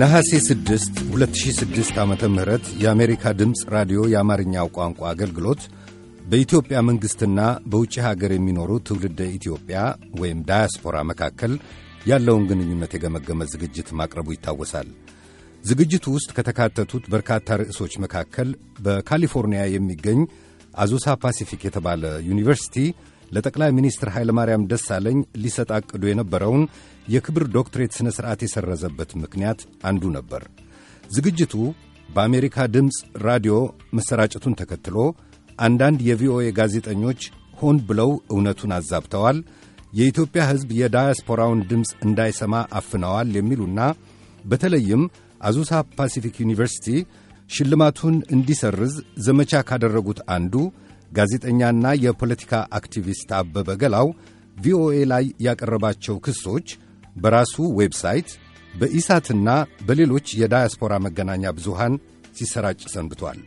ነሐሴ 6 2006 ዓ ም የአሜሪካ ድምፅ ራዲዮ የአማርኛው ቋንቋ አገልግሎት በኢትዮጵያ መንግሥትና በውጭ ሀገር የሚኖሩ ትውልደ ኢትዮጵያ ወይም ዳያስፖራ መካከል ያለውን ግንኙነት የገመገመ ዝግጅት ማቅረቡ ይታወሳል። ዝግጅቱ ውስጥ ከተካተቱት በርካታ ርዕሶች መካከል በካሊፎርኒያ የሚገኝ አዞሳ ፓሲፊክ የተባለ ዩኒቨርሲቲ ለጠቅላይ ሚኒስትር ኃይለማርያም ደሳለኝ ሊሰጥ አቅዶ የነበረውን የክብር ዶክትሬት ሥነ ሥርዓት የሰረዘበት ምክንያት አንዱ ነበር። ዝግጅቱ በአሜሪካ ድምፅ ራዲዮ መሰራጨቱን ተከትሎ አንዳንድ የቪኦኤ ጋዜጠኞች ሆን ብለው እውነቱን አዛብተዋል፣ የኢትዮጵያ ሕዝብ የዳያስፖራውን ድምፅ እንዳይሰማ አፍነዋል የሚሉና በተለይም አዙሳ ፓሲፊክ ዩኒቨርሲቲ ሽልማቱን እንዲሰርዝ ዘመቻ ካደረጉት አንዱ ጋዜጠኛና የፖለቲካ አክቲቪስት አበበ ገላው ቪኦኤ ላይ ያቀረባቸው ክሶች በራሱ ዌብሳይት በኢሳትና በሌሎች የዳያስፖራ መገናኛ ብዙሃን ሲሰራጭ ሰንብቷል።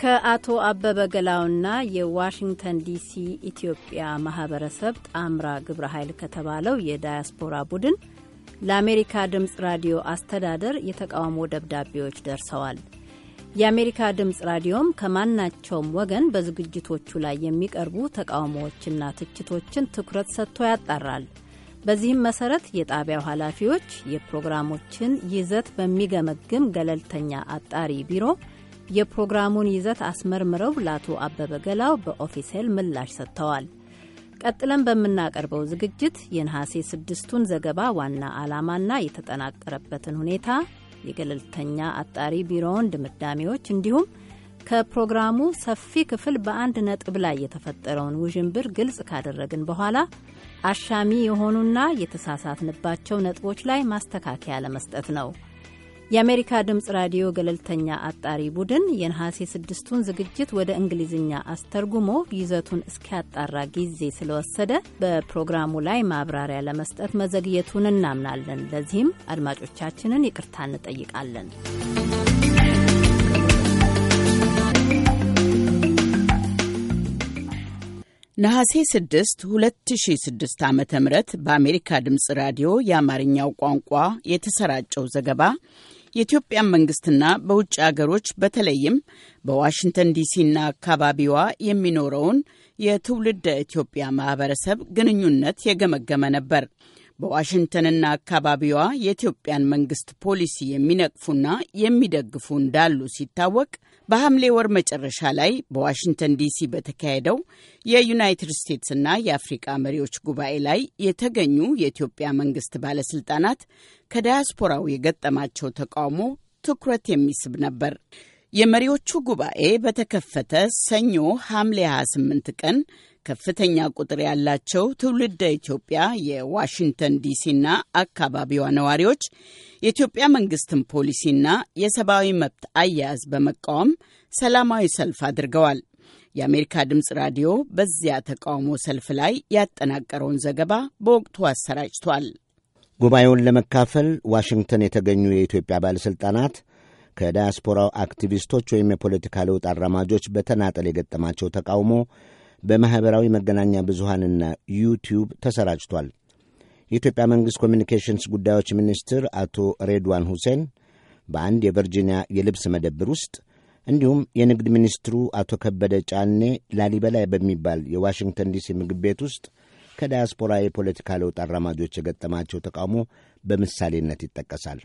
ከአቶ አበበ ገላውና የዋሽንግተን ዲሲ ኢትዮጵያ ማህበረሰብ ጣምራ ግብረ ኃይል ከተባለው የዳያስፖራ ቡድን ለአሜሪካ ድምፅ ራዲዮ አስተዳደር የተቃውሞ ደብዳቤዎች ደርሰዋል። የአሜሪካ ድምፅ ራዲዮም ከማናቸውም ወገን በዝግጅቶቹ ላይ የሚቀርቡ ተቃውሞዎችና ትችቶችን ትኩረት ሰጥቶ ያጣራል። በዚህም መሰረት የጣቢያው ኃላፊዎች የፕሮግራሞችን ይዘት በሚገመግም ገለልተኛ አጣሪ ቢሮ የፕሮግራሙን ይዘት አስመርምረው ለአቶ አበበ ገላው በኦፊሴል ምላሽ ሰጥተዋል። ቀጥለን በምናቀርበው ዝግጅት የነሐሴ ስድስቱን ዘገባ ዋና ዓላማና የተጠናቀረበትን ሁኔታ የገለልተኛ አጣሪ ቢሮውን ድምዳሜዎች እንዲሁም ከፕሮግራሙ ሰፊ ክፍል በአንድ ነጥብ ላይ የተፈጠረውን ውዥንብር ግልጽ ካደረግን በኋላ አሻሚ የሆኑና የተሳሳትንባቸው ነጥቦች ላይ ማስተካከያ ለመስጠት ነው። የአሜሪካ ድምፅ ራዲዮ ገለልተኛ አጣሪ ቡድን የነሐሴ ስድስቱን ዝግጅት ወደ እንግሊዝኛ አስተርጉሞ ይዘቱን እስኪያጣራ ጊዜ ስለወሰደ በፕሮግራሙ ላይ ማብራሪያ ለመስጠት መዘግየቱን እናምናለን። ለዚህም አድማጮቻችንን ይቅርታ እንጠይቃለን። ነሐሴ 6 2006 ዓ ም በአሜሪካ ድምፅ ራዲዮ የአማርኛው ቋንቋ የተሰራጨው ዘገባ የኢትዮጵያን መንግስትና በውጭ አገሮች በተለይም በዋሽንግተን ዲሲና አካባቢዋ የሚኖረውን የትውልደ ኢትዮጵያ ማህበረሰብ ግንኙነት የገመገመ ነበር። በዋሽንግተንና አካባቢዋ የኢትዮጵያን መንግስት ፖሊሲ የሚነቅፉና የሚደግፉ እንዳሉ ሲታወቅ በሐምሌ ወር መጨረሻ ላይ በዋሽንግተን ዲሲ በተካሄደው የዩናይትድ እና የአፍሪቃ መሪዎች ጉባኤ ላይ የተገኙ የኢትዮጵያ መንግስት ባለስልጣናት ከዳያስፖራው የገጠማቸው ተቃውሞ ትኩረት የሚስብ ነበር። የመሪዎቹ ጉባኤ በተከፈተ ሰኞ ሐምሌ 28 ቀን ከፍተኛ ቁጥር ያላቸው ትውልደ ኢትዮጵያ የዋሽንግተን ዲሲና አካባቢዋ ነዋሪዎች የኢትዮጵያ መንግስትን ፖሊሲና የሰብአዊ መብት አያያዝ በመቃወም ሰላማዊ ሰልፍ አድርገዋል። የአሜሪካ ድምፅ ራዲዮ በዚያ ተቃውሞ ሰልፍ ላይ ያጠናቀረውን ዘገባ በወቅቱ አሰራጭቷል። ጉባኤውን ለመካፈል ዋሽንግተን የተገኙ የኢትዮጵያ ባለሥልጣናት ከዳያስፖራው አክቲቪስቶች ወይም የፖለቲካ ለውጥ አራማጆች በተናጠል የገጠማቸው ተቃውሞ በማኅበራዊ መገናኛ ብዙሃንና ዩቲዩብ ተሰራጭቷል። የኢትዮጵያ መንግሥት ኮሚኒኬሽንስ ጉዳዮች ሚኒስትር አቶ ሬድዋን ሁሴን በአንድ የቨርጂኒያ የልብስ መደብር ውስጥ እንዲሁም የንግድ ሚኒስትሩ አቶ ከበደ ጫኔ ላሊበላ በሚባል የዋሽንግተን ዲሲ ምግብ ቤት ውስጥ ከዳያስፖራ የፖለቲካ ለውጥ አራማጆች የገጠማቸው ተቃውሞ በምሳሌነት ይጠቀሳል።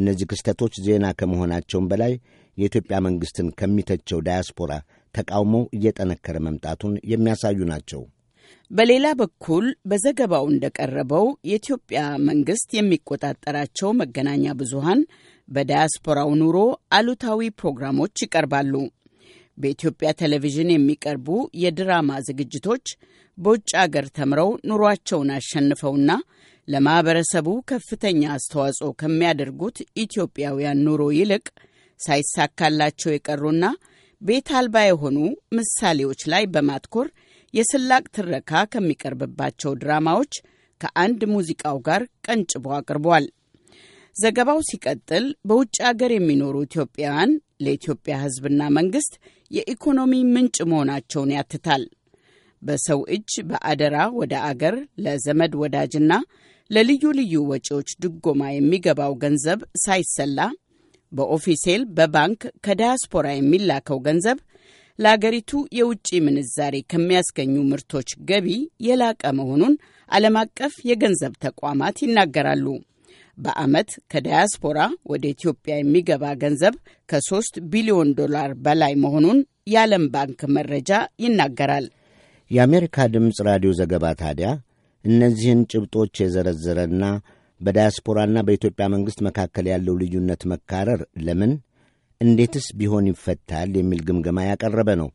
እነዚህ ክስተቶች ዜና ከመሆናቸውም በላይ የኢትዮጵያ መንግሥትን ከሚተቸው ዳያስፖራ ተቃውሞው እየጠነከረ መምጣቱን የሚያሳዩ ናቸው። በሌላ በኩል በዘገባው እንደቀረበው የኢትዮጵያ መንግስት የሚቆጣጠራቸው መገናኛ ብዙሃን በዳያስፖራው ኑሮ አሉታዊ ፕሮግራሞች ይቀርባሉ። በኢትዮጵያ ቴሌቪዥን የሚቀርቡ የድራማ ዝግጅቶች በውጭ አገር ተምረው ኑሯቸውን አሸንፈውና ለማኅበረሰቡ ከፍተኛ አስተዋጽኦ ከሚያደርጉት ኢትዮጵያውያን ኑሮ ይልቅ ሳይሳካላቸው የቀሩና ቤት አልባ የሆኑ ምሳሌዎች ላይ በማትኮር የስላቅ ትረካ ከሚቀርብባቸው ድራማዎች ከአንድ ሙዚቃው ጋር ቀንጭቦ አቅርቧል። ዘገባው ሲቀጥል በውጭ አገር የሚኖሩ ኢትዮጵያውያን ለኢትዮጵያ ሕዝብና መንግሥት የኢኮኖሚ ምንጭ መሆናቸውን ያትታል። በሰው እጅ በአደራ ወደ አገር ለዘመድ ወዳጅና ለልዩ ልዩ ወጪዎች ድጎማ የሚገባው ገንዘብ ሳይሰላ በኦፊሴል በባንክ ከዳያስፖራ የሚላከው ገንዘብ ለአገሪቱ የውጭ ምንዛሬ ከሚያስገኙ ምርቶች ገቢ የላቀ መሆኑን ዓለም አቀፍ የገንዘብ ተቋማት ይናገራሉ። በዓመት ከዳያስፖራ ወደ ኢትዮጵያ የሚገባ ገንዘብ ከሶስት ቢሊዮን ዶላር በላይ መሆኑን የዓለም ባንክ መረጃ ይናገራል። የአሜሪካ ድምፅ ራዲዮ ዘገባ ታዲያ እነዚህን ጭብጦች የዘረዘረና በዳያስፖራና በኢትዮጵያ መንግሥት መካከል ያለው ልዩነት መካረር ለምን እንዴትስ ቢሆን ይፈታል የሚል ግምገማ ያቀረበ ነው።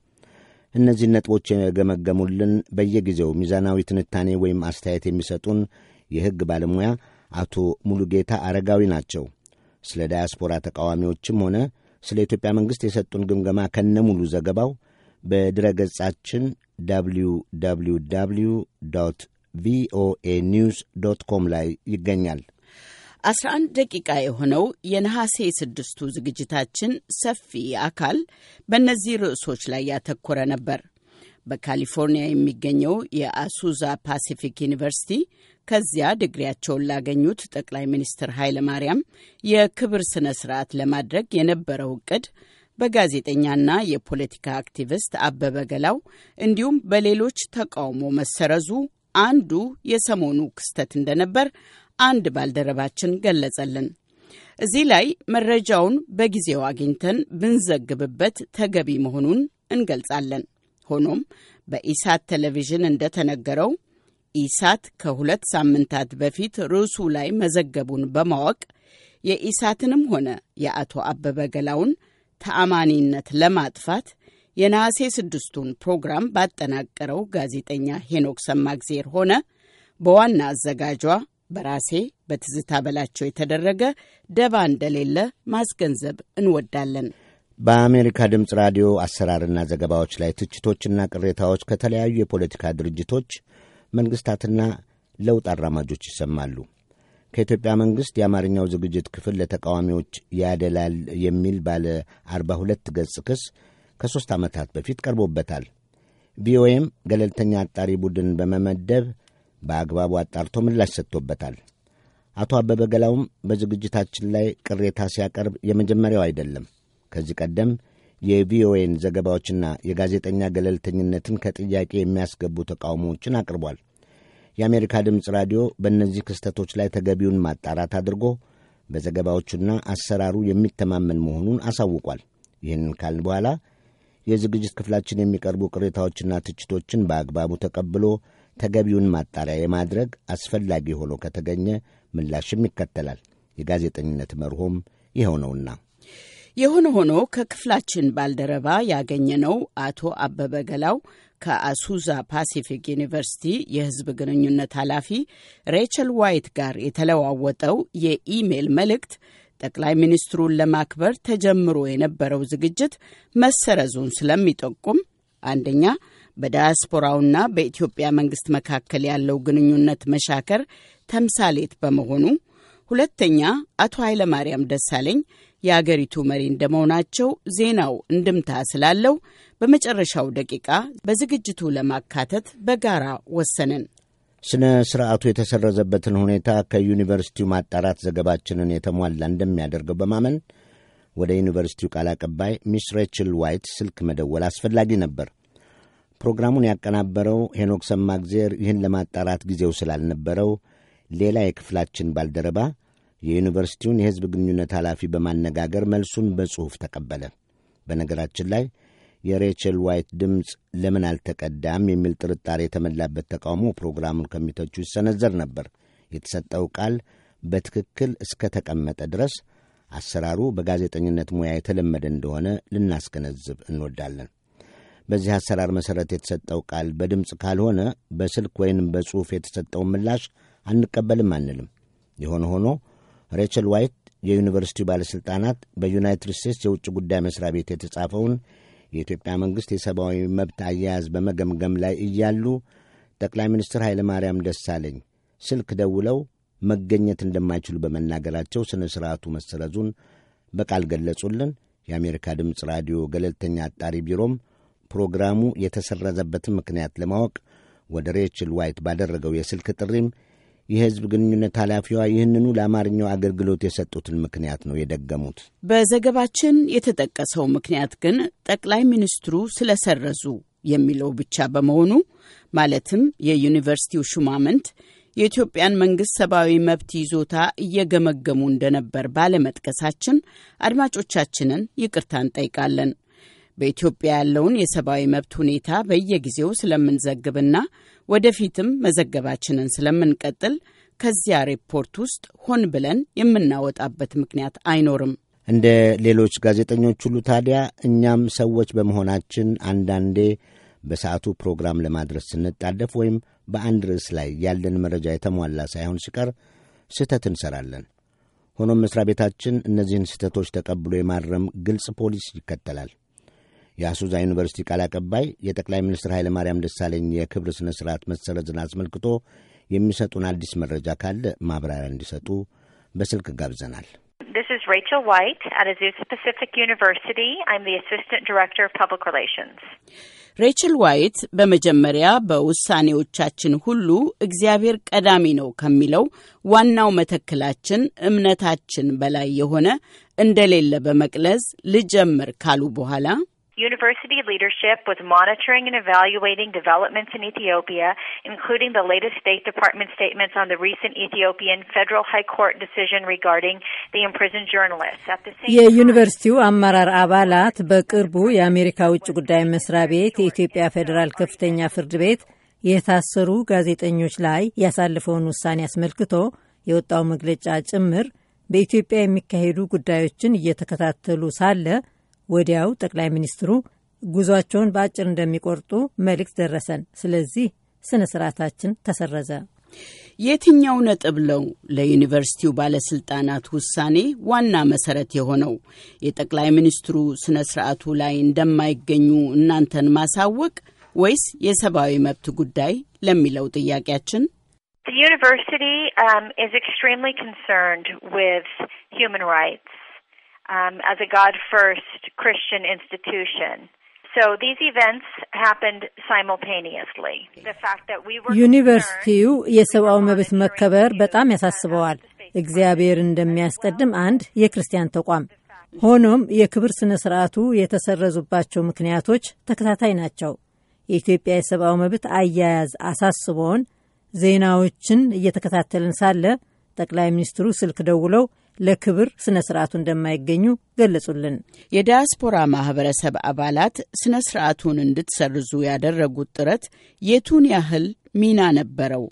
እነዚህን ነጥቦች የገመገሙልን በየጊዜው ሚዛናዊ ትንታኔ ወይም አስተያየት የሚሰጡን የሕግ ባለሙያ አቶ ሙሉጌታ አረጋዊ ናቸው። ስለ ዳያስፖራ ተቃዋሚዎችም ሆነ ስለ ኢትዮጵያ መንግሥት የሰጡን ግምገማ ከነ ሙሉ ዘገባው በድረ ገጻችን www ቪኦኤ ኒውስ ዶት ኮም ላይ ይገኛል። 11 ደቂቃ የሆነው የነሐሴ ስድስቱ ዝግጅታችን ሰፊ አካል በእነዚህ ርዕሶች ላይ ያተኮረ ነበር። በካሊፎርኒያ የሚገኘው የአሱዛ ፓሲፊክ ዩኒቨርሲቲ ከዚያ ድግሪያቸውን ላገኙት ጠቅላይ ሚኒስትር ኃይለ ማርያም የክብር ስነ ስርዓት ለማድረግ የነበረው እቅድ በጋዜጠኛና የፖለቲካ አክቲቪስት አበበ ገላው እንዲሁም በሌሎች ተቃውሞ መሰረዙ አንዱ የሰሞኑ ክስተት እንደነበር አንድ ባልደረባችን ገለጸልን። እዚህ ላይ መረጃውን በጊዜው አግኝተን ብንዘግብበት ተገቢ መሆኑን እንገልጻለን። ሆኖም በኢሳት ቴሌቪዥን እንደተነገረው ኢሳት ከሁለት ሳምንታት በፊት ርዕሱ ላይ መዘገቡን በማወቅ የኢሳትንም ሆነ የአቶ አበበ ገላውን ተአማኒነት ለማጥፋት የነሐሴ ስድስቱን ፕሮግራም ባጠናቀረው ጋዜጠኛ ሄኖክ ሰማግዜር ሆነ በዋና አዘጋጇ በራሴ በትዝታ በላቸው የተደረገ ደባ እንደሌለ ማስገንዘብ እንወዳለን። በአሜሪካ ድምፅ ራዲዮ አሰራርና ዘገባዎች ላይ ትችቶችና ቅሬታዎች ከተለያዩ የፖለቲካ ድርጅቶች መንግሥታትና ለውጥ አራማጆች ይሰማሉ። ከኢትዮጵያ መንግሥት የአማርኛው ዝግጅት ክፍል ለተቃዋሚዎች ያደላል የሚል ባለ አርባ ሁለት ገጽ ክስ ከሦስት ዓመታት በፊት ቀርቦበታል። ቪኦኤም ገለልተኛ አጣሪ ቡድን በመመደብ በአግባቡ አጣርቶ ምላሽ ሰጥቶበታል። አቶ አበበ ገላውም በዝግጅታችን ላይ ቅሬታ ሲያቀርብ የመጀመሪያው አይደለም። ከዚህ ቀደም የቪኦኤን ዘገባዎችና የጋዜጠኛ ገለልተኝነትን ከጥያቄ የሚያስገቡ ተቃውሞዎችን አቅርቧል። የአሜሪካ ድምፅ ራዲዮ በእነዚህ ክስተቶች ላይ ተገቢውን ማጣራት አድርጎ በዘገባዎቹና አሰራሩ የሚተማመን መሆኑን አሳውቋል። ይህንን ካልን በኋላ የዝግጅት ክፍላችን የሚቀርቡ ቅሬታዎችና ትችቶችን በአግባቡ ተቀብሎ ተገቢውን ማጣሪያ የማድረግ አስፈላጊ ሆኖ ከተገኘ ምላሽም ይከተላል። የጋዜጠኝነት መርሆም ይኸው ነውና። የሆነ ሆኖ ከክፍላችን ባልደረባ ያገኘነው አቶ አበበ ገላው ከአሱዛ ፓሲፊክ ዩኒቨርሲቲ የሕዝብ ግንኙነት ኃላፊ ሬቸል ዋይት ጋር የተለዋወጠው የኢሜል መልእክት ጠቅላይ ሚኒስትሩን ለማክበር ተጀምሮ የነበረው ዝግጅት መሰረዙን ስለሚጠቁም አንደኛ በዳያስፖራውና በኢትዮጵያ መንግስት መካከል ያለው ግንኙነት መሻከር ተምሳሌት በመሆኑ፣ ሁለተኛ አቶ ኃይለማርያም ደሳለኝ የአገሪቱ መሪ እንደመሆናቸው ዜናው እንድምታ ስላለው በመጨረሻው ደቂቃ በዝግጅቱ ለማካተት በጋራ ወሰንን። ስነ ስርዓቱ የተሰረዘበትን ሁኔታ ከዩኒቨርስቲው ማጣራት ዘገባችንን የተሟላ እንደሚያደርገው በማመን ወደ ዩኒቨርስቲው ቃል አቀባይ ሚስ ሬችል ዋይት ስልክ መደወል አስፈላጊ ነበር። ፕሮግራሙን ያቀናበረው ሄኖክ ሰማግዜር ይህን ለማጣራት ጊዜው ስላልነበረው ሌላ የክፍላችን ባልደረባ የዩኒቨርስቲውን የሕዝብ ግንኙነት ኃላፊ በማነጋገር መልሱን በጽሑፍ ተቀበለ። በነገራችን ላይ የሬቸል ዋይት ድምፅ ለምን አልተቀዳም የሚል ጥርጣሬ የተመላበት ተቃውሞ ፕሮግራሙን ከሚተቹ ይሰነዘር ነበር። የተሰጠው ቃል በትክክል እስከ ተቀመጠ ድረስ አሰራሩ በጋዜጠኝነት ሙያ የተለመደ እንደሆነ ልናስገነዝብ እንወዳለን። በዚህ አሰራር መሠረት የተሰጠው ቃል በድምፅ ካልሆነ በስልክ ወይንም በጽሑፍ የተሰጠውን ምላሽ አንቀበልም አንልም። የሆነ ሆኖ ሬቸል ዋይት የዩኒቨርሲቲው ባለሥልጣናት በዩናይትድ ስቴትስ የውጭ ጉዳይ መሥሪያ ቤት የተጻፈውን የኢትዮጵያ መንግሥት የሰብአዊ መብት አያያዝ በመገምገም ላይ እያሉ ጠቅላይ ሚኒስትር ኃይለ ማርያም ደሳለኝ ስልክ ደውለው መገኘት እንደማይችሉ በመናገራቸው ሥነ ሥርዓቱ መሰረዙን በቃል ገለጹልን። የአሜሪካ ድምፅ ራዲዮ ገለልተኛ አጣሪ ቢሮም ፕሮግራሙ የተሰረዘበትን ምክንያት ለማወቅ ወደ ሬችል ዋይት ባደረገው የስልክ ጥሪም የህዝብ ግንኙነት ኃላፊዋ ይህንኑ ለአማርኛው አገልግሎት የሰጡትን ምክንያት ነው የደገሙት። በዘገባችን የተጠቀሰው ምክንያት ግን ጠቅላይ ሚኒስትሩ ስለሰረዙ የሚለው ብቻ በመሆኑ ማለትም የዩኒቨርሲቲው ሹማምንት የኢትዮጵያን መንግሥት ሰብአዊ መብት ይዞታ እየገመገሙ እንደነበር ባለመጥቀሳችን አድማጮቻችንን ይቅርታ እንጠይቃለን። በኢትዮጵያ ያለውን የሰብአዊ መብት ሁኔታ በየጊዜው ስለምንዘግብና ወደፊትም መዘገባችንን ስለምንቀጥል ከዚያ ሪፖርት ውስጥ ሆን ብለን የምናወጣበት ምክንያት አይኖርም። እንደ ሌሎች ጋዜጠኞች ሁሉ ታዲያ እኛም ሰዎች በመሆናችን አንዳንዴ በሰዓቱ ፕሮግራም ለማድረስ ስንጣደፍ ወይም በአንድ ርዕስ ላይ ያለን መረጃ የተሟላ ሳይሆን ሲቀር ስህተት እንሰራለን። ሆኖም መሥሪያ ቤታችን እነዚህን ስህተቶች ተቀብሎ የማረም ግልጽ ፖሊሲ ይከተላል። የአሶዛ ዩኒቨርሲቲ ቃል አቀባይ የጠቅላይ ሚኒስትር ኃይለ ማርያም ደሳለኝ የክብር ሥነ ሥርዓት መሰረዝን አስመልክቶ የሚሰጡን አዲስ መረጃ ካለ ማብራሪያ እንዲሰጡ በስልክ ጋብዘናል። This is Rachel White at Azusa Pacific University. I'm the Assistant Director of Public Relations. ሬችል ዋይት በመጀመሪያ በውሳኔዎቻችን ሁሉ እግዚአብሔር ቀዳሚ ነው ከሚለው ዋናው መተክላችን እምነታችን በላይ የሆነ እንደሌለ በመቅለዝ ልጀምር ካሉ በኋላ University leadership was monitoring and evaluating developments in Ethiopia, including the latest State Department statements on the recent Ethiopian Federal High Court decision regarding the imprisoned journalists. At the same የዩኒቨርሲቲው አመራር አባላት በቅርቡ የአሜሪካ ውጭ ጉዳይ መስሪያ ቤት የኢትዮጵያ ፌዴራል ከፍተኛ ፍርድ ቤት የታሰሩ ጋዜጠኞች ላይ ያሳለፈውን ውሳኔ አስመልክቶ የወጣው መግለጫ ጭምር በኢትዮጵያ የሚካሄዱ ጉዳዮችን እየተከታተሉ ሳለ ወዲያው ጠቅላይ ሚኒስትሩ ጉዟቸውን በአጭር እንደሚቆርጡ መልእክት ደረሰን። ስለዚህ ስነ ስርዓታችን ተሰረዘ። የትኛው ነጥብ ነው ለዩኒቨርሲቲው ባለስልጣናት ውሳኔ ዋና መሰረት የሆነው? የጠቅላይ ሚኒስትሩ ስነ ስርዓቱ ላይ እንደማይገኙ እናንተን ማሳወቅ ወይስ የሰብአዊ መብት ጉዳይ ለሚለው ጥያቄያችን The university um, is extremely concerned with human rights. um, as a God first Christian institution. ዩኒቨርሲቲው የሰብአዊ መብት መከበር በጣም ያሳስበዋል። እግዚአብሔር እንደሚያስቀድም አንድ የክርስቲያን ተቋም ሆኖም የክብር ስነ ስርዓቱ የተሰረዙባቸው ምክንያቶች ተከታታይ ናቸው። የኢትዮጵያ የሰብአዊ መብት አያያዝ አሳስቦን ዜናዎችን እየተከታተልን ሳለ ጠቅላይ ሚኒስትሩ ስልክ ደውለው ለክብር ስነ ስርዓቱ እንደማይገኙ ገለጹልን። የዲያስፖራ ማህበረሰብ አባላት ስነ ስርዓቱን እንድትሰርዙ ያደረጉት ጥረት የቱን ያህል ሚና ነበረው?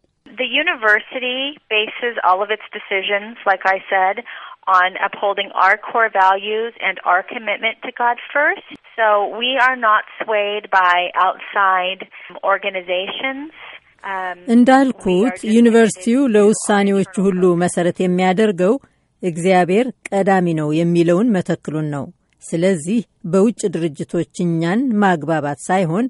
Um, እንዳልኩት ዩኒቨርሲቲው ለውሳኔዎቹ ሁሉ መሰረት የሚያደርገው እግዚአብሔር ቀዳሚ ነው የሚለውን መተክሉን ነው። ስለዚህ በውጭ ድርጅቶች እኛን ማግባባት ሳይሆን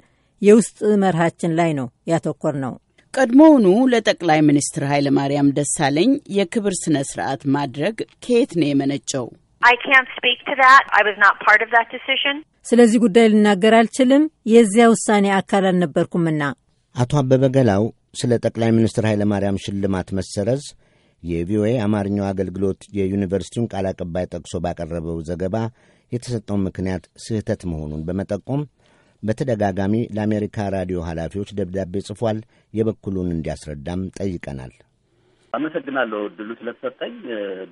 የውስጥ መርሃችን ላይ ነው ያተኮር ነው። ቀድሞውኑ ለጠቅላይ ሚኒስትር ኃይለ ማርያም ደሳለኝ የክብር ስነ ስርዓት ማድረግ ከየት ነው የመነጨው? ስለዚህ ጉዳይ ልናገር አልችልም፣ የዚያ ውሳኔ አካል አልነበርኩምና። አቶ አበበ ገላው ስለ ጠቅላይ ሚኒስትር ኃይለ ማርያም ሽልማት መሰረዝ የቪኦኤ አማርኛው አገልግሎት የዩኒቨርሲቲውን ቃል አቀባይ ጠቅሶ ባቀረበው ዘገባ የተሰጠውን ምክንያት ስህተት መሆኑን በመጠቆም በተደጋጋሚ ለአሜሪካ ራዲዮ ኃላፊዎች ደብዳቤ ጽፏል። የበኩሉን እንዲያስረዳም ጠይቀናል። አመሰግናለሁ እድሉ ስለተሰጠኝ።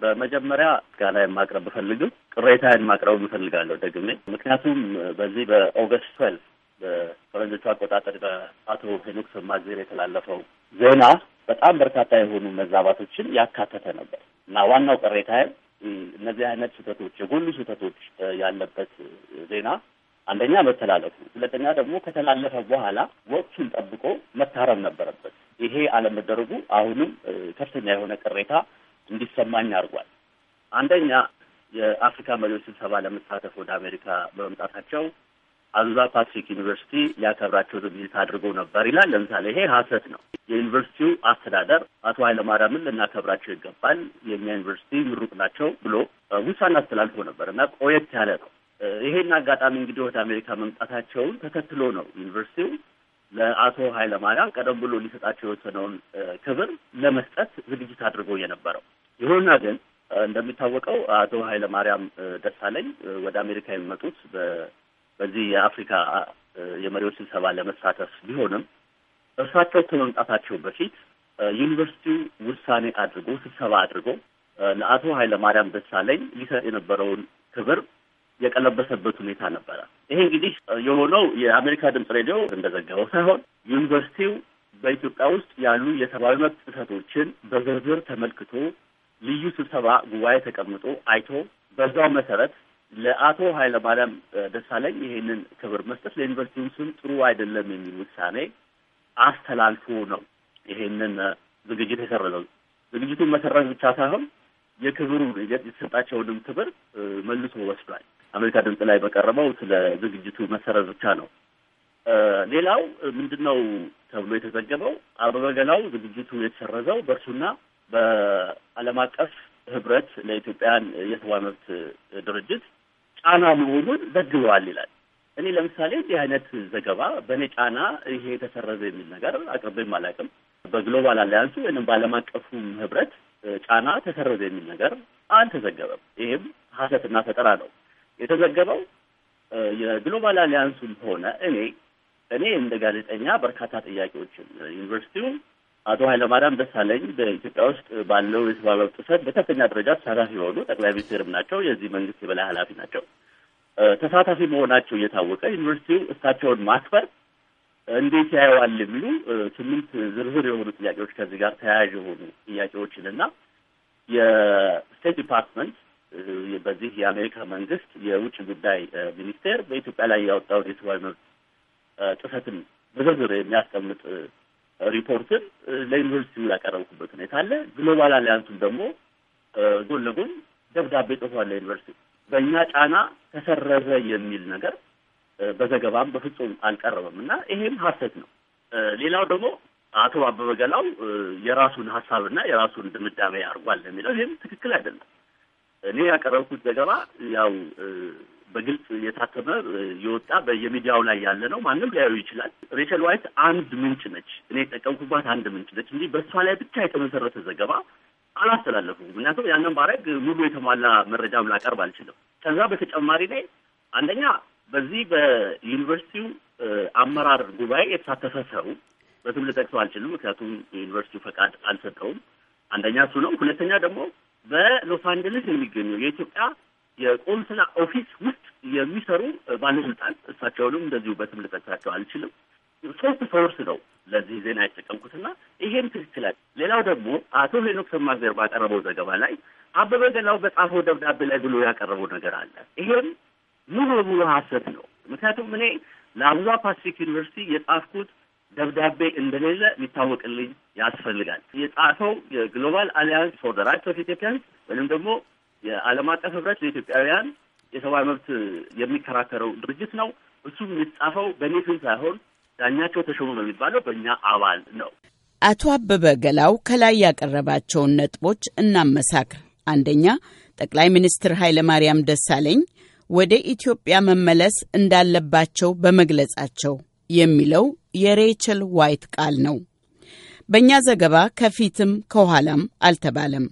በመጀመሪያ ጋና የማቅረብ ብፈልግም ቅሬታን ማቅረብ እንፈልጋለሁ ደግሜ። ምክንያቱም በዚህ በኦገስት ትዌልቭ በፈረንጆቹ አቆጣጠር በአቶ ሄኖክ ሰማእግዜር የተላለፈው ዜና በጣም በርካታ የሆኑ መዛባቶችን ያካተተ ነበር እና ዋናው ቅሬታ እነዚህ አይነት ስህተቶች የጎሉ ስህተቶች ያለበት ዜና አንደኛ መተላለፉ፣ ሁለተኛ ደግሞ ከተላለፈ በኋላ ወቅቱን ጠብቆ መታረም ነበረበት። ይሄ አለመደረጉ አሁንም ከፍተኛ የሆነ ቅሬታ እንዲሰማኝ አድርጓል። አንደኛ የአፍሪካ መሪዎች ስብሰባ ለመሳተፍ ወደ አሜሪካ በመምጣታቸው አሉላ ፓትሪክ ዩኒቨርሲቲ ሊያከብራቸው ዝግጅት አድርገው ነበር ይላል። ለምሳሌ ይሄ ሀሰት ነው። የዩኒቨርሲቲው አስተዳደር አቶ ኃይለማርያምን ልናከብራቸው ይገባል፣ የእኛ ዩኒቨርሲቲ ምሩቅ ናቸው ብሎ ውሳኔ አስተላልፎ ነበር እና ቆየት ያለ ነው። ይሄን አጋጣሚ እንግዲህ ወደ አሜሪካ መምጣታቸውን ተከትሎ ነው ዩኒቨርሲቲው ለአቶ ኃይለማርያም ቀደም ብሎ ሊሰጣቸው የወሰነውን ክብር ለመስጠት ዝግጅት አድርገው የነበረው ይሁንና ግን እንደሚታወቀው አቶ ኃይለማርያም ደሳለኝ ወደ አሜሪካ የሚመጡት በዚህ የአፍሪካ የመሪዎች ስብሰባ ለመሳተፍ ቢሆንም እርሳቸው ከመምጣታቸው በፊት ዩኒቨርሲቲው ውሳኔ አድርጎ ስብሰባ አድርጎ ለአቶ ኃይለማርያም ደሳለኝ ሊሰጥ የነበረውን ክብር የቀለበሰበት ሁኔታ ነበረ። ይሄ እንግዲህ የሆነው የአሜሪካ ድምፅ ሬዲዮ እንደዘገበው ሳይሆን ዩኒቨርሲቲው በኢትዮጵያ ውስጥ ያሉ የሰብአዊ መብት ጥሰቶችን በዝርዝር ተመልክቶ ልዩ ስብሰባ ጉባኤ ተቀምጦ አይቶ በዛው መሰረት ለአቶ ኃይለማርያም ደሳለኝ ይሄንን ክብር መስጠት ለዩኒቨርሲቲውን ስም ጥሩ አይደለም የሚል ውሳኔ አስተላልፎ ነው ይሄንን ዝግጅት የሰረዘው። ዝግጅቱን መሰረዝ ብቻ ሳይሆን የክብሩ የተሰጣቸውንም ክብር መልሶ ወስዷል። አሜሪካ ድምፅ ላይ በቀረበው ስለ ዝግጅቱ መሰረዝ ብቻ ነው። ሌላው ምንድን ነው ተብሎ የተዘገበው አበበ ገላው ዝግጅቱ የተሰረዘው በእርሱና በዓለም አቀፍ ህብረት ለኢትዮጵያን የሰብአዊ መብት ድርጅት ጫና መሆኑን ዘግበዋል ይላል። እኔ ለምሳሌ እንዲህ አይነት ዘገባ በእኔ ጫና ይሄ የተሰረዘ የሚል ነገር አቅርቤም አላውቅም። በግሎባል አሊያንሱ ወይም በዓለም አቀፉ ህብረት ጫና ተሰረዘ የሚል ነገር አልተዘገበም። ይሄም ሀሰትና ፈጠራ ነው። የተዘገበው የግሎባል አሊያንሱም ሆነ እኔ እኔ እንደ ጋዜጠኛ በርካታ ጥያቄዎችን ዩኒቨርሲቲውም አቶ ኃይለማርያም ደሳለኝ በኢትዮጵያ ውስጥ ባለው የሰብአዊ መብት ጥሰት በከፍተኛ ደረጃ ተሳታፊ የሆኑ ጠቅላይ ሚኒስትርም ናቸው። የዚህ መንግስት የበላይ ኃላፊ ናቸው። ተሳታፊ መሆናቸው እየታወቀ ዩኒቨርሲቲው እሳቸውን ማክበር እንዴት ያየዋል የሚሉ ስምንት ዝርዝር የሆኑ ጥያቄዎች ከዚህ ጋር ተያያዥ የሆኑ ጥያቄዎችን የስቴት ዲፓርትመንት በዚህ የአሜሪካ መንግስት የውጭ ጉዳይ ሚኒስቴር በኢትዮጵያ ላይ ያወጣውን የሰብአዊ መብት ጥሰትን በዝርዝር የሚያስቀምጥ ሪፖርትን ለዩኒቨርሲቲ ያቀረብኩበት ሁኔታ አለ። ግሎባል አሊያንሱን ደግሞ ጎን ለጎን ደብዳቤ ጽፏል ለዩኒቨርሲቲ በእኛ ጫና ተሰረዘ የሚል ነገር በዘገባም በፍጹም አልቀረበም እና ይሄም ሀሰት ነው። ሌላው ደግሞ አቶ አበበ ገላው የራሱን ሀሳብና የራሱን ድምዳሜ አድርጓል የሚለው ይህም ትክክል አይደለም። እኔ ያቀረብኩት ዘገባ ያው በግልጽ የታተመ የወጣ በየሚዲያው ላይ ያለ ነው። ማንም ሊያዩ ይችላል። ሬቸል ዋይት አንድ ምንጭ ነች። እኔ የጠቀምኩባት አንድ ምንጭ ነች እንጂ በእሷ ላይ ብቻ የተመሰረተ ዘገባ አላስተላለፉም። ምክንያቱም ያንን ባረግ ሙሉ የተሟላ መረጃም ላቀርብ አልችልም። ከዛ በተጨማሪ ላይ አንደኛ በዚህ በዩኒቨርሲቲው አመራር ጉባኤ የተሳተፈ ሰው በስም ልጠቅሰው አልችልም፣ ምክንያቱም የዩኒቨርሲቲው ፈቃድ አልሰጠውም። አንደኛ እሱ ነው። ሁለተኛ ደግሞ በሎስ አንጀለስ የሚገኘው የኢትዮጵያ የቆንስላ ኦፊስ ውስጥ የሚሰሩ ባለስልጣን እሳቸውንም እንደዚሁ በስም ልጠቅሳቸው አልችልም። ሶስት ሶርስ ነው ለዚህ ዜና የተጠቀምኩትና ይሄም ትክክላል። ሌላው ደግሞ አቶ ሄኖክ ሰማእግዜር ባቀረበው ዘገባ ላይ አበበ ገላው በጻፈው ደብዳቤ ላይ ብሎ ያቀረበው ነገር አለ። ይሄም ሙሉ በሙሉ ሀሰት ነው። ምክንያቱም እኔ ለአብዛ ፓስፊክ ዩኒቨርሲቲ የጻፍኩት ደብዳቤ እንደሌለ ሊታወቅልኝ ያስፈልጋል። የጻፈው የግሎባል አሊያንስ ፎር ራይትስ ኦፍ ኢትዮጵያንስ ወይም ደግሞ የዓለም አቀፍ ህብረት ለኢትዮጵያውያን የሰብአዊ መብት የሚከራከረው ድርጅት ነው። እሱ የሚጻፈው በእኔ ስም ሳይሆን ዳኛቸው ተሾሙ በሚባለው በእኛ አባል ነው። አቶ አበበ ገላው ከላይ ያቀረባቸውን ነጥቦች እናመሳክር። አንደኛ ጠቅላይ ሚኒስትር ኃይለ ማርያም ደሳለኝ ወደ ኢትዮጵያ መመለስ እንዳለባቸው በመግለጻቸው የሚለው የሬቸል ዋይት ቃል ነው። በእኛ ዘገባ ከፊትም ከኋላም አልተባለም።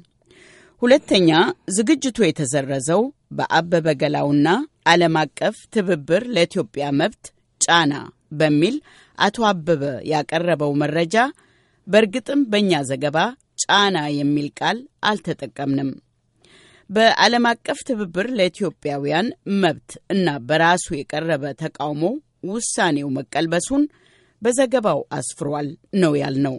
ሁለተኛ ዝግጅቱ የተዘረዘው በአበበ ገላውና ዓለም አቀፍ ትብብር ለኢትዮጵያ መብት ጫና በሚል አቶ አበበ ያቀረበው መረጃ በእርግጥም በእኛ ዘገባ ጫና የሚል ቃል አልተጠቀምንም። በዓለም አቀፍ ትብብር ለኢትዮጵያውያን መብት እና በራሱ የቀረበ ተቃውሞ ውሳኔው መቀልበሱን በዘገባው አስፍሯል ነው ያልነው።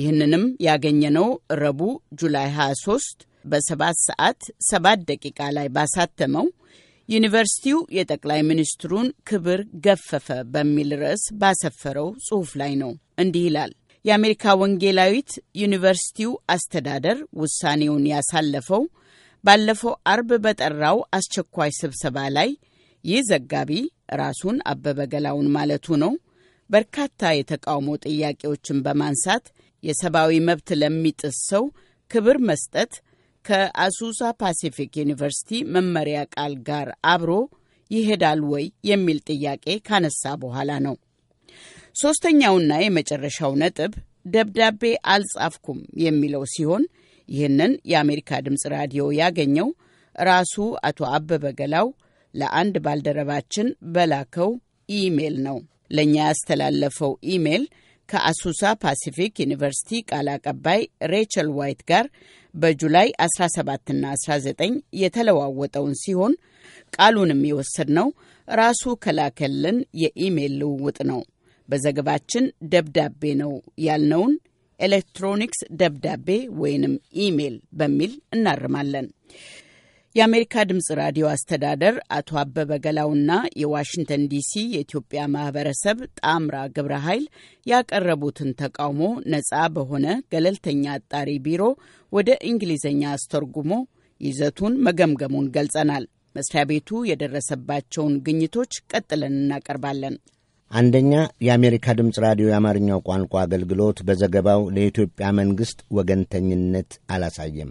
ይህንንም ያገኘነው ረቡዕ ጁላይ 23 በሰባት ሰዓት ሰባት ደቂቃ ላይ ባሳተመው ዩኒቨርሲቲው የጠቅላይ ሚኒስትሩን ክብር ገፈፈ በሚል ርዕስ ባሰፈረው ጽሑፍ ላይ ነው። እንዲህ ይላል። የአሜሪካ ወንጌላዊት ዩኒቨርሲቲው አስተዳደር ውሳኔውን ያሳለፈው ባለፈው አርብ በጠራው አስቸኳይ ስብሰባ ላይ ይህ ዘጋቢ ራሱን አበበ ገላውን ማለቱ ነው በርካታ የተቃውሞ ጥያቄዎችን በማንሳት የሰብአዊ መብት ለሚጥስ ሰው ክብር መስጠት ከአሱሳ ፓሲፊክ ዩኒቨርሲቲ መመሪያ ቃል ጋር አብሮ ይሄዳል ወይ የሚል ጥያቄ ካነሳ በኋላ ነው። ሶስተኛውና የመጨረሻው ነጥብ ደብዳቤ አልጻፍኩም የሚለው ሲሆን ይህንን የአሜሪካ ድምፅ ራዲዮ ያገኘው ራሱ አቶ አበበ ገላው ለአንድ ባልደረባችን በላከው ኢሜል ነው። ለእኛ ያስተላለፈው ኢሜል ከአሱሳ ፓሲፊክ ዩኒቨርሲቲ ቃል አቀባይ ሬቸል ዋይት ጋር በጁላይ 17ና 19 የተለዋወጠውን ሲሆን ቃሉንም የወሰድነው ራሱ ከላከልን የኢሜል ልውውጥ ነው። በዘገባችን ደብዳቤ ነው ያልነውን ኤሌክትሮኒክስ ደብዳቤ ወይንም ኢሜል በሚል እናርማለን። የአሜሪካ ድምፅ ራዲዮ አስተዳደር አቶ አበበ ገላውና የዋሽንግተን ዲሲ የኢትዮጵያ ማህበረሰብ ጣምራ ግብረ ኃይል ያቀረቡትን ተቃውሞ ነፃ በሆነ ገለልተኛ አጣሪ ቢሮ ወደ እንግሊዝኛ አስተርጉሞ ይዘቱን መገምገሙን ገልጸናል። መስሪያ ቤቱ የደረሰባቸውን ግኝቶች ቀጥለን እናቀርባለን። አንደኛ፣ የአሜሪካ ድምፅ ራዲዮ የአማርኛው ቋንቋ አገልግሎት በዘገባው ለኢትዮጵያ መንግሥት ወገንተኝነት አላሳየም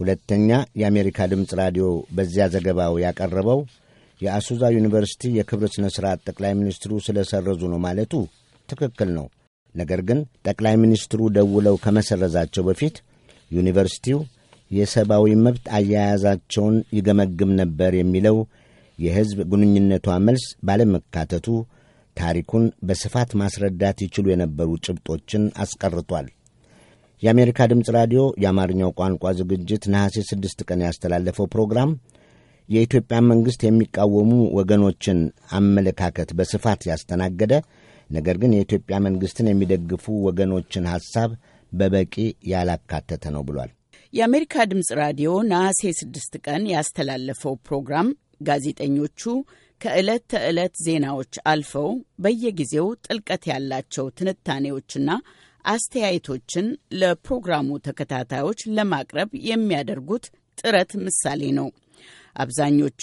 ሁለተኛ የአሜሪካ ድምፅ ራዲዮ በዚያ ዘገባው ያቀረበው የአሱዛ ዩኒቨርሲቲ የክብር ሥነ ሥርዓት ጠቅላይ ሚኒስትሩ ስለሰረዙ ነው ማለቱ ትክክል ነው። ነገር ግን ጠቅላይ ሚኒስትሩ ደውለው ከመሰረዛቸው በፊት ዩኒቨርሲቲው የሰብአዊ መብት አያያዛቸውን ይገመግም ነበር የሚለው የሕዝብ ግንኙነቷ መልስ ባለመካተቱ ታሪኩን በስፋት ማስረዳት ይችሉ የነበሩ ጭብጦችን አስቀርቷል። የአሜሪካ ድምፅ ራዲዮ የአማርኛው ቋንቋ ዝግጅት ነሐሴ ስድስት ቀን ያስተላለፈው ፕሮግራም የኢትዮጵያ መንግሥት የሚቃወሙ ወገኖችን አመለካከት በስፋት ያስተናገደ፣ ነገር ግን የኢትዮጵያ መንግሥትን የሚደግፉ ወገኖችን ሐሳብ በበቂ ያላካተተ ነው ብሏል። የአሜሪካ ድምፅ ራዲዮ ነሐሴ ስድስት ቀን ያስተላለፈው ፕሮግራም ጋዜጠኞቹ ከዕለት ተዕለት ዜናዎች አልፈው በየጊዜው ጥልቀት ያላቸው ትንታኔዎችና አስተያየቶችን ለፕሮግራሙ ተከታታዮች ለማቅረብ የሚያደርጉት ጥረት ምሳሌ ነው። አብዛኞቹ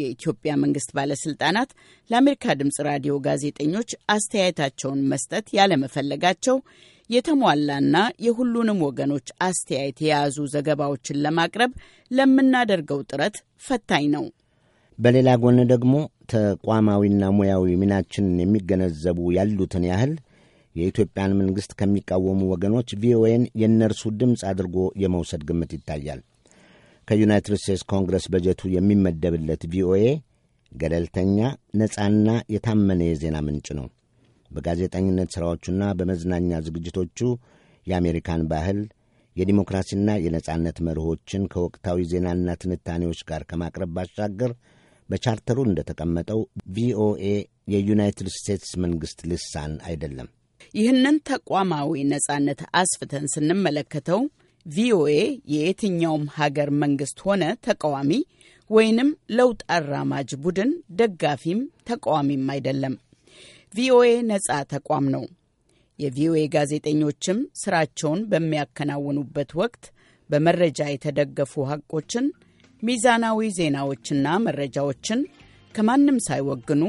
የኢትዮጵያ መንግስት ባለስልጣናት ለአሜሪካ ድምፅ ራዲዮ ጋዜጠኞች አስተያየታቸውን መስጠት ያለመፈለጋቸው የተሟላና የሁሉንም ወገኖች አስተያየት የያዙ ዘገባዎችን ለማቅረብ ለምናደርገው ጥረት ፈታኝ ነው። በሌላ ጎን ደግሞ ተቋማዊና ሙያዊ ሚናችንን የሚገነዘቡ ያሉትን ያህል የኢትዮጵያን መንግሥት ከሚቃወሙ ወገኖች ቪኦኤን የእነርሱ ድምፅ አድርጎ የመውሰድ ግምት ይታያል። ከዩናይትድ ስቴትስ ኮንግረስ በጀቱ የሚመደብለት ቪኦኤ ገለልተኛ፣ ነፃና የታመነ የዜና ምንጭ ነው። በጋዜጠኝነት ሥራዎቹና በመዝናኛ ዝግጅቶቹ የአሜሪካን ባህል፣ የዲሞክራሲና የነጻነት መርሆችን ከወቅታዊ ዜናና ትንታኔዎች ጋር ከማቅረብ ባሻገር በቻርተሩ እንደተቀመጠው ቪኦኤ የዩናይትድ ስቴትስ መንግሥት ልሳን አይደለም። ይህንን ተቋማዊ ነጻነት አስፍተን ስንመለከተው ቪኦኤ የየትኛውም ሀገር መንግስት ሆነ ተቃዋሚ ወይንም ለውጥ አራማጅ ቡድን ደጋፊም ተቃዋሚም አይደለም። ቪኦኤ ነጻ ተቋም ነው። የቪኦኤ ጋዜጠኞችም ስራቸውን በሚያከናውኑበት ወቅት በመረጃ የተደገፉ ሀቆችን፣ ሚዛናዊ ዜናዎችና መረጃዎችን ከማንም ሳይወግኑ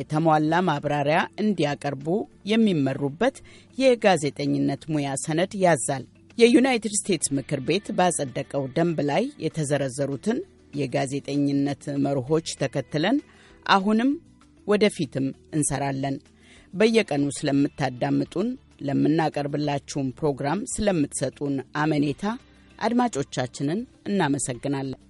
የተሟላ ማብራሪያ እንዲያቀርቡ የሚመሩበት የጋዜጠኝነት ሙያ ሰነድ ያዛል። የዩናይትድ ስቴትስ ምክር ቤት ባጸደቀው ደንብ ላይ የተዘረዘሩትን የጋዜጠኝነት መርሆች ተከትለን አሁንም ወደፊትም እንሰራለን። በየቀኑ ስለምታዳምጡን፣ ለምናቀርብላችሁን ፕሮግራም ስለምትሰጡን አመኔታ አድማጮቻችንን እናመሰግናለን።